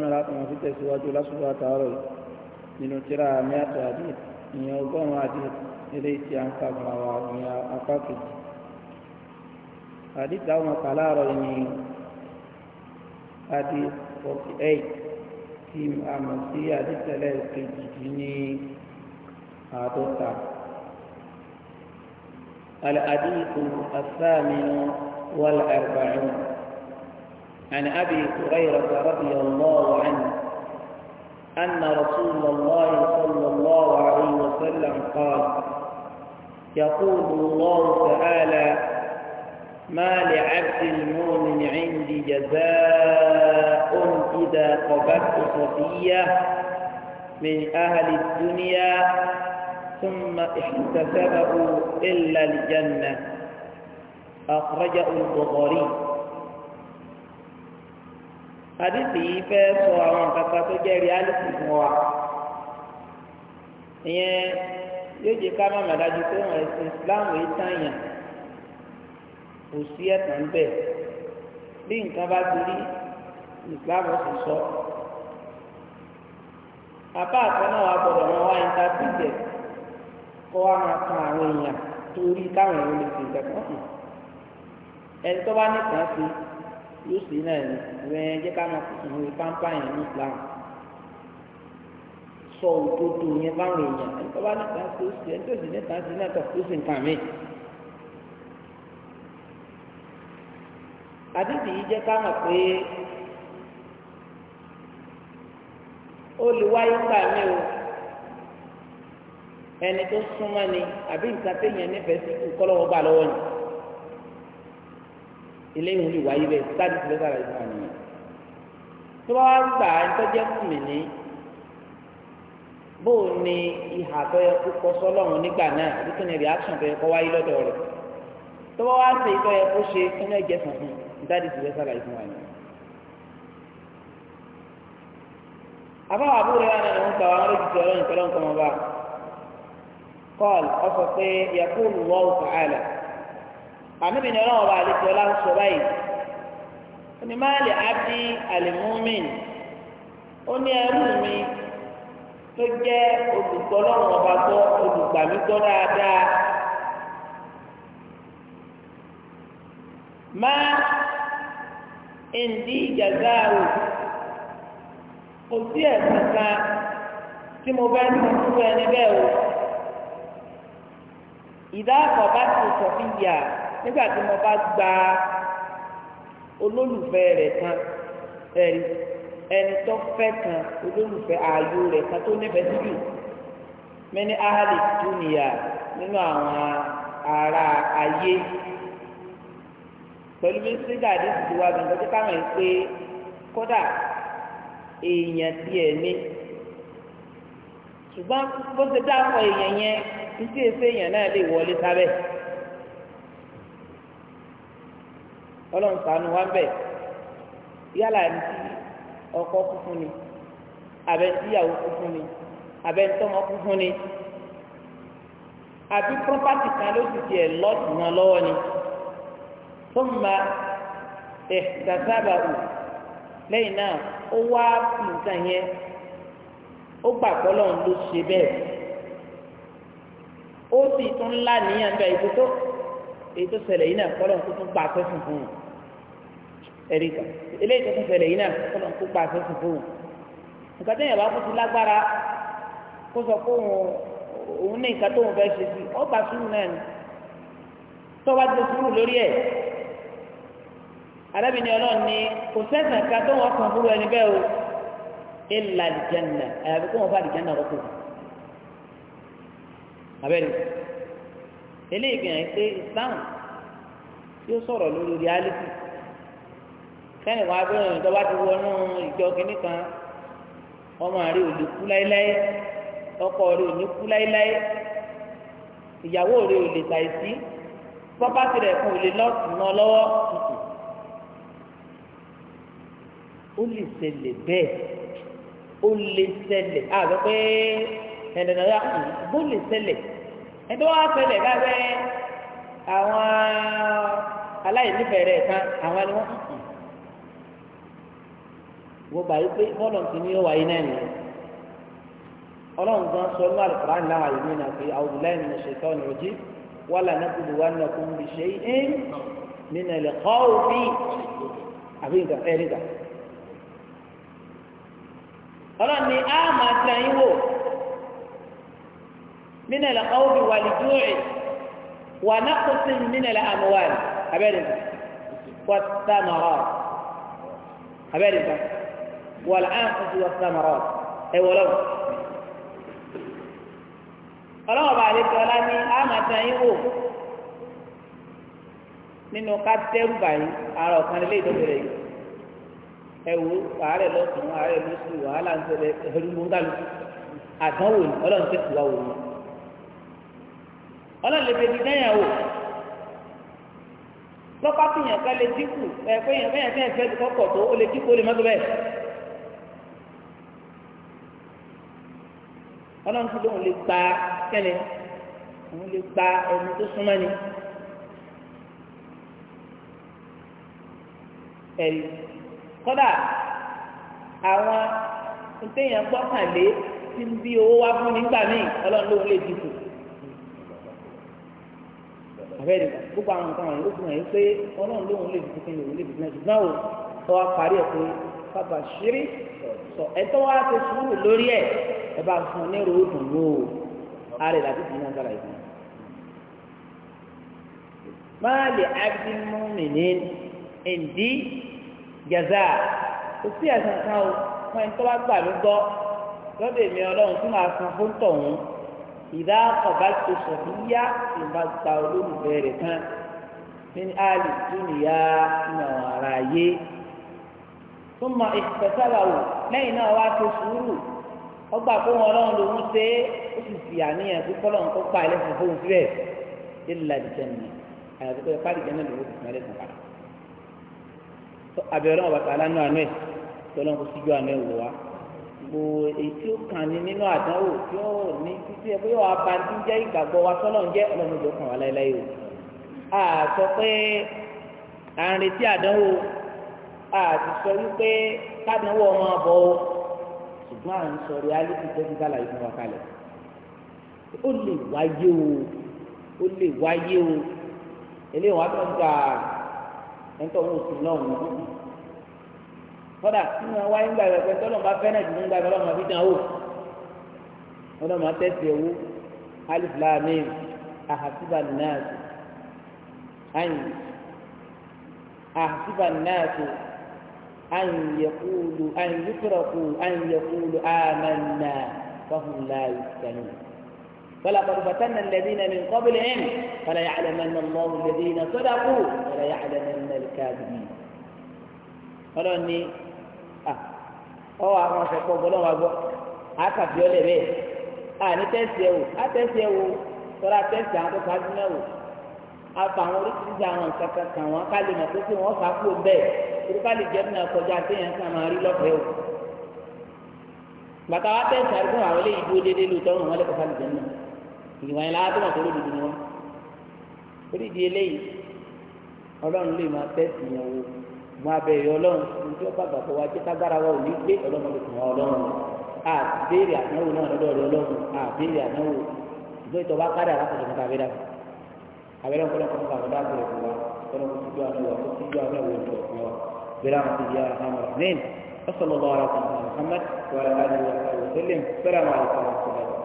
náà láti wọn fi tẹ̀síwájú lásìkò àtàárọ̀ nínú tíra mẹ́ta àdí ìyẹn ọgọ́rùn-ún àdí ilé tí a ń kà fún àwọn àwòyàn apá kejì àdí táwọn kà láàárọ̀ ni àdí forty eight tí a mọ̀ sí àdí tẹ̀lẹ̀ kejì dín ní àádọ́ta. الحديث الثامن والأربعون عن أبي هريرة رضي الله عنه أن رسول الله صلى الله عليه وسلم قال يقول الله تعالى ما لعبد المؤمن عندي جزاء إذا قبضت صفية من أهل الدنيا ثم احتسبه إلا الجنة أخرجه البخاري àdìsí yìí fẹ́ sọ àwọn kàkà tó jẹ́ reality fún wa ìyẹn yóò jẹ ká má má dájú pé wọn ẹsìn Islam yìí tàyàn kò sí ẹ̀tàn bẹ́ẹ̀ bí nǹkan bá ti rí Islam sì sọ apá àtọ náà wà gbọ́dọ̀ máa wá ìtàkùnjẹ kó wá máa kan àwọn èèyàn torí káwọn èèyàn lè ṣe ìjàkọ́ ẹni tó bá nìkan sí yóò sì náà wẹ́n jẹ́ ká máa kùsùn ní pampa yẹn ní Islam sọ òdodo yẹn báwọn èèyàn ẹni tó bá níta sí ó sì ẹni tó sì níta sí náà tó sì nǹkan mi. àdìsí yìí jẹ́ ká mọ̀ pé ó lè wáyé gbà mí o ẹni tó súnmọ́ ni àbí nǹkan téèyàn nífẹ̀ẹ́ sí kọ́lọ́wọ́ gbà lọ́wọ́ ni eléyìí lè wáyé bẹ́ẹ̀ sáàdì tí lọ́sàrà yìí wà nìyẹn tó bá wá gbà á tọ́jẹ́ fún mi ní bóò ni ìhà tó yẹ kó kọ sọ́lọ́run nígbà náà àbí kí ni reaction tó yẹ kó wáyé lọ́dọ̀ rẹ̀ tó bá wá ṣe ìtọ́ yẹ kó ṣe kí ni ẹ̀jẹ̀ sàn fún sáàdì tí lọ́sàrà yìí wà nìyẹn. àbáwọ̀ àbúrò wa náà ń gbà wọn lójú ti ọlọ́run tọ́lọ́ kọ́ọ̀lù ọ ànábì ní ọlọ́run ọba àlejò ọlá ń sọ báyìí ó ní máàlì abdi alimumin ó ní ẹrú mi tó jẹ́ olùgbọ́ ọlọ́run ọba gbọ́ olùgbàmí gbọ́ dáadáa má ǹdí ìjàgbá kò sí ẹ̀sìn kan tí mo bá ń fún ẹni bẹ́ẹ̀ o ìdá àkọ́bá ti sọ fún ìyá nígbà tí mo bá gba olólùfẹ́ rẹ̀ kan ẹ̀rí ẹni tó fẹ́ kan olólùfẹ́ ààyò rẹ̀ kan tó nífẹ̀ẹ́ sí jù mẹ́ni ahali dúnìyà nínú àwọn ará ayé pẹ̀lú bí sígá àdéhùn ti wá gbọ̀ngàn tó káwọn ẹ̀ pé kódà èèyàn tiẹ̀ ní ṣùgbọ́n bó ṣe dáhùn èèyàn yẹn ní tí èsè èèyàn náà lè wọlé sábẹ́. ọlọ́run ṣàánú wa bẹ̀ yálà ẹni tí ọkọ kú fún ni àbẹ̀ntíyàwó kú fún ni àbẹ̀ntọ́mọ kú fún ni àbí pọ́pátì kan ló ti tiẹ̀ lọ́ọ̀tì wọn lọ́wọ́ ni tó ń ma ẹ̀ dàtàbà wò lẹ́yìn náà ó wá nǹkan yẹn ó gbàgbọ́ lọ́run ló ṣe bẹ́ẹ̀ ó sì tún ńlá níyàn bẹ́ẹ̀ ètò tó ṣẹlẹ̀ yìí náà kọ́ lọ́run tó tún gbà pẹ́ fún fún un ẹ̀rí kan eléyìí tó tún fẹ̀lẹ̀ yìí náà kọ́nà kó gba àfẹ́sùn fún wọn nǹkan tẹ́yìn bá kúti lágbára kó sọ pé òun ní nǹkan tóun fẹ́ ṣe sí ọgbà sùúrù náà ni tó bá ti sùúrù lórí ẹ̀ arábìnrin ọlọ́run ni kò sẹ́sàn ká tó wọ́n kàn fúru ẹni bẹ́ẹ̀ o ìlà àlìjánà àyàfi kó wọ́n fà àlìjánà rọ́pò abẹ́rẹ́ eléyìí fi hàn pé Islam yóò sọ̀rọ̀ lórí reality sẹ́ni wọn abẹ́rẹ́ òyìnbó bá ti wọnú ìjọ kínní kan ọmọ rẹ ò lè kú láéláé ọkọ rẹ ò ní kú láéláé ìyàwó rẹ ò lè ṣàìsí pọ́pátì rẹ̀ kan ò lè lọ́ọ̀tì ná lọ́wọ́ ó lè ṣẹlẹ̀ bẹ́ẹ̀ ó lè ṣẹlẹ̀ àbẹ pé ẹ̀dẹ̀dẹ̀ ya kù bó lè ṣẹlẹ̀ ẹ̀dẹ̀ wá ṣẹlẹ̀ lábẹ́ àwọn aláìnífẹ̀ẹ́ rẹ̀ kan àwọn ẹni wọ́n kù wọ́n gbà yí pé bọ́ọ̀lù ti ní ọwà yín náà nìyẹn ọlọ́run gan sọ ní àlùkòrá ní àwọn àyè náà pé àwọn òbílẹ̀ ní ṣètò ọ̀nà òjì wọ́n là nàkú lù wá nàkú bí ṣe é nínú ilẹ̀ kọ́ òfin àbí nǹkan ẹ̀ nígbà. ọlọ́run ni a máa tẹ ẹyin wò nínú ilẹ̀ kọ́ òfin wà lè dúró ẹ̀ wà nàkú sí nínú ilẹ̀ àmúwá rẹ̀ abẹ́rẹ́ nǹkan wọ́n tá a máa rọ̀ abẹ́rẹ́ nǹkan. والعاقة والثمرات ẹ wọ lọ́wọ́ ọlọ́wọ́ bá lè tọ́lá ní àmàtà yín wò nínú ká tẹ́rù ara ọ̀kan lè dọ́bẹ̀rẹ̀ yìí ẹ wò ààrẹ lọ́sùn ààrẹ lọ́sùn wàhálà ń tẹ̀lé fi ká lè dínkù ẹ̀ pé tó o, lè dínkù lè ọlọ́run ti lóun lè gba kẹ́lẹ́ òun lè gba ẹni tó súnmọ́ ni. ẹ̀rí kọ́dà àwọn ìtẹ̀yìn gbọ́kànlé ti ń bí owó wá fún nígbà míì ọlọ́run lóun lè dìbò. àbẹ́rẹ́ gbogbo àwọn nǹkan wọ̀nyí ó fi hàn yín pé ọlọ́run lóun lè dìbò kí ni òun lè dìbò náà ṣùgbọ́n o ọ parí ẹ̀ pé bàbá ṣírí sọ ẹtọ́ wa ti sùúrù lórí ẹ̀ ẹ bá fún un ní ròódù wò ó ara ẹ̀ láti fi náà sára ìdí. máa lè abdi múmìnì ǹdí gẹ̀zà kò sí ẹ̀sán kan o fún ẹni tó bá gbà mí gbọ́ lọ́dọ̀ èmi ọlọ́run tí màá san fún tọ̀hún ìdá ọ̀bá tó sọ fún yá ìbá gba olólùfẹ́ rẹ̀ kan ní àlè dúnìyá ìnáwó ara yé tó máa lẹ́yìn náà wá tó sùúrù ọgbà kó wọn ọlọ́run lòún ṣe é ó sì fi àníyàn pé kọ́lọ́run kó pa ẹlẹ́sìn fóun síbẹ̀ lílà ìjẹun àyàfi pé pálí jẹ́ náà lòún fi fún ẹlẹ́sìn padà abẹ́rẹ́ ọ̀bàtà alánú àánú ẹ̀ tí ọlọ́run kò síjú àánú ẹ̀ wò wá gbogbo èyí tí ó kàn ní nínú àdánwò tí ó ní títí ẹ bóyá wàá ba ti jẹ́ ìgbàgbọ́ wa tọ́lọ̀ jẹ́ ọlọ́run kádàwọ̀ máa bọ̀ ọ́ ṣùgbọ́n à ń sọ reality tẹ́sí sálàyé fún wa kalẹ̀ ó lè wáyé o ó lè wáyé o eléyìí wọn á tọ́ da ẹ̀ńtọ́ wọn ò sí náà wọn kọ́dà nínú àwọn ayé ń gbà pẹ́ tọ́lọ̀ bá fẹ́ náà ti gbà pẹ́ lọ́mọ bí dán wọn náà máa tẹ̀sí ẹ̀wọ́ alif lamim ahasiba nnaasi ayin ahasiba nnaasi. أن يقولوا أن يتركوا أن يقولوا آمنا فهم لا يفتنون فلقد فتنا الذين من قبلهم فلا يعلمن الله الذين صدقوا ولا يعلمن الكاذبين قالوا أني آه أو أنا سأقول بلون أبو أكفي ولا بيه آه نتسيو أتسيو ترى تسيو أنتو كاذبين àtàwọn oríṣiríṣi àwọn nǹkan kan kàn wọ́n ká lè mọ̀ pé kí wọ́n fà kúrò torí ká lè téèyàn kan máa rí o. bàtà wa fún àwọn eléyìí dúró déédéé wọn lẹ́kọ̀ọ́ ká lè jẹ́ náà ìwà yẹn láti mọ̀ pé ni wọ́n. orí di eléyìí ọlọ́run lè máa tẹ́ sí ìyàwó mọ abẹ́ ìyọ ọlọ́run wa kágbára wa ò ní gbé fún wa abẹ́rẹ́ ọ̀pọ̀lọpọ̀ nípa àwọn dáàbò rẹ̀ wá ọ̀pọ̀lọpọ̀ síjú àwọn ìwà tó síjú àwọn ìwà ìjọ ìwà bẹ̀rẹ̀ àwọn ti di ara hàn rẹ̀ ní ọ̀sọ̀lọ́lọ́ ara kan Muhammad wàhálà àdìyẹ àti ọ̀sẹ̀lẹ̀ bẹ̀rẹ̀ àwọn àlùkò àwọn ọ̀sẹ̀lẹ̀